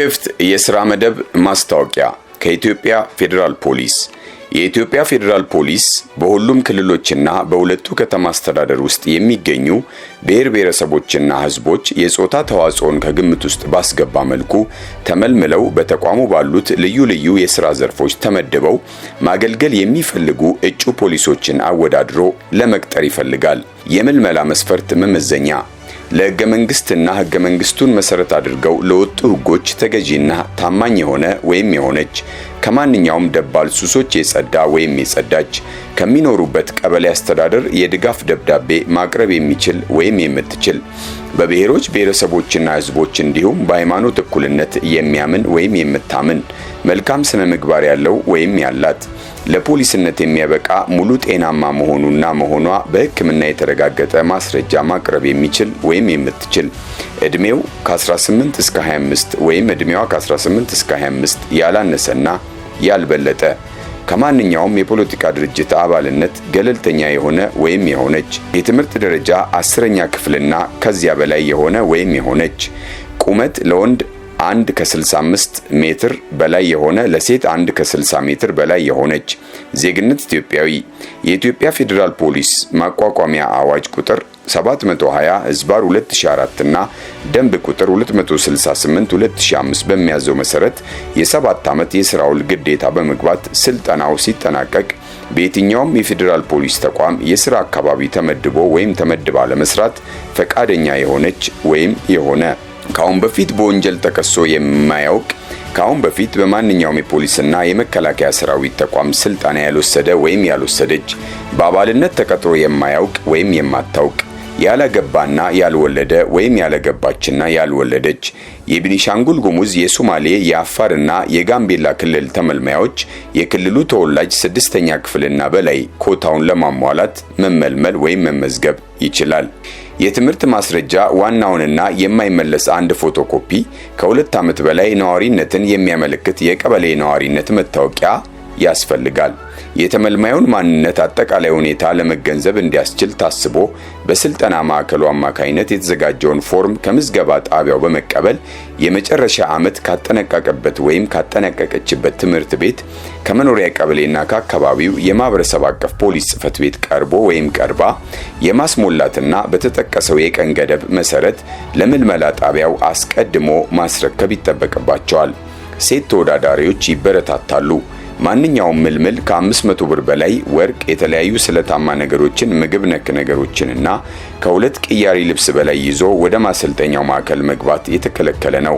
ክፍት የስራ መደብ ማስታወቂያ ከኢትዮጵያ ፌዴራል ፖሊስ የኢትዮጵያ ፌዴራል ፖሊስ በሁሉም ክልሎችና በሁለቱ ከተማ አስተዳደር ውስጥ የሚገኙ ብሔር ብሔረሰቦችና ሕዝቦች የጾታ ተዋጽኦን ከግምት ውስጥ ባስገባ መልኩ ተመልምለው በተቋሙ ባሉት ልዩ ልዩ የሥራ ዘርፎች ተመድበው ማገልገል የሚፈልጉ እጩ ፖሊሶችን አወዳድሮ ለመቅጠር ይፈልጋል። የምልመላ መስፈርት መመዘኛ ለህገ መንግስትና ህገ መንግስቱን መሰረት አድርገው ለወጡ ህጎች ተገዢና ታማኝ የሆነ ወይም የሆነች ከማንኛውም ደባል ሱሶች የጸዳ ወይም የጸዳች ከሚኖሩበት ቀበሌ አስተዳደር የድጋፍ ደብዳቤ ማቅረብ የሚችል ወይም የምትችል በብሔሮች ብሔረሰቦችና ህዝቦች እንዲሁም በሃይማኖት እኩልነት የሚያምን ወይም የምታምን መልካም ስነ ምግባር ያለው ወይም ያላት ለፖሊስነት የሚያበቃ ሙሉ ጤናማ መሆኑና መሆኗ በሕክምና የተረጋገጠ ማስረጃ ማቅረብ የሚችል ወይም የምትችል እድሜው ከ18 እስከ 25 ወይም እድሜዋ ከ18 እስከ 25 ያላነሰና ያልበለጠ ከማንኛውም የፖለቲካ ድርጅት አባልነት ገለልተኛ የሆነ ወይም የሆነች የትምህርት ደረጃ አስረኛ ክፍልና ከዚያ በላይ የሆነ ወይም የሆነች ቁመት ለወንድ አንድ ከ65 ሜትር በላይ የሆነ ለሴት አንድ ከ60 ሜትር በላይ የሆነች ዜግነት ኢትዮጵያዊ የኢትዮጵያ ፌዴራል ፖሊስ ማቋቋሚያ አዋጅ ቁጥር 720 ህዝባር 2004 እና ደንብ ቁጥር 268 2005 በሚያዘው መሰረት የሰባት ዓመት የስራውል ውል ግዴታ በመግባት ስልጠናው ሲጠናቀቅ በየትኛውም የፌዴራል ፖሊስ ተቋም የስራ አካባቢ ተመድቦ ወይም ተመድባ ለመስራት ፈቃደኛ የሆነች ወይም የሆነ ከአሁን በፊት በወንጀል ተከሶ የማያውቅ ከአሁን በፊት በማንኛውም የፖሊስና የመከላከያ ሰራዊት ተቋም ስልጠና ያልወሰደ ወይም ያልወሰደች በአባልነት ተቀጥሮ የማያውቅ ወይም የማታውቅ ያላገባና ያልወለደ ወይም ያላገባችና ያልወለደች የቢኒሻንጉል ጉሙዝ፣ የሶማሌ፣ የአፋርና የጋምቤላ ክልል ተመልማዮች የክልሉ ተወላጅ ስድስተኛ ክፍልና በላይ ኮታውን ለማሟላት መመልመል ወይም መመዝገብ ይችላል። የትምህርት ማስረጃ ዋናውንና የማይመለስ አንድ ፎቶኮፒ፣ ከሁለት ዓመት በላይ ነዋሪነትን የሚያመለክት የቀበሌ ነዋሪነት መታወቂያ ያስፈልጋል። የተመልማዩን ማንነት አጠቃላይ ሁኔታ ለመገንዘብ እንዲያስችል ታስቦ በስልጠና ማዕከሉ አማካኝነት የተዘጋጀውን ፎርም ከምዝገባ ጣቢያው በመቀበል የመጨረሻ ዓመት ካጠነቀቀበት ወይም ካጠነቀቀችበት ትምህርት ቤት ከመኖሪያ ቀበሌና ከአካባቢው የማህበረሰብ አቀፍ ፖሊስ ጽፈት ቤት ቀርቦ ወይም ቀርባ የማስሞላትና በተጠቀሰው የቀን ገደብ መሰረት ለምልመላ ጣቢያው አስቀድሞ ማስረከብ ይጠበቅባቸዋል። ሴት ተወዳዳሪዎች ይበረታታሉ። ማንኛውም ምልምል ከ500 ብር በላይ ወርቅ፣ የተለያዩ ስለታማ ነገሮችን፣ ምግብ ነክ ነገሮችንና ከሁለት ቅያሪ ልብስ በላይ ይዞ ወደ ማሰልጠኛው ማዕከል መግባት የተከለከለ ነው።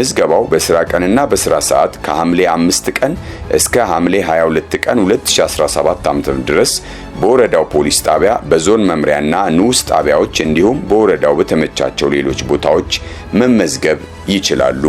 ምዝገባው በስራ ቀንና በስራ ሰዓት ከሐምሌ 5 ቀን እስከ ሐምሌ 22 ቀን 2017 ዓ.ም ድረስ በወረዳው ፖሊስ ጣቢያ በዞን መምሪያና ንዑስ ጣቢያዎች እንዲሁም በወረዳው በተመቻቸው ሌሎች ቦታዎች መመዝገብ ይችላሉ።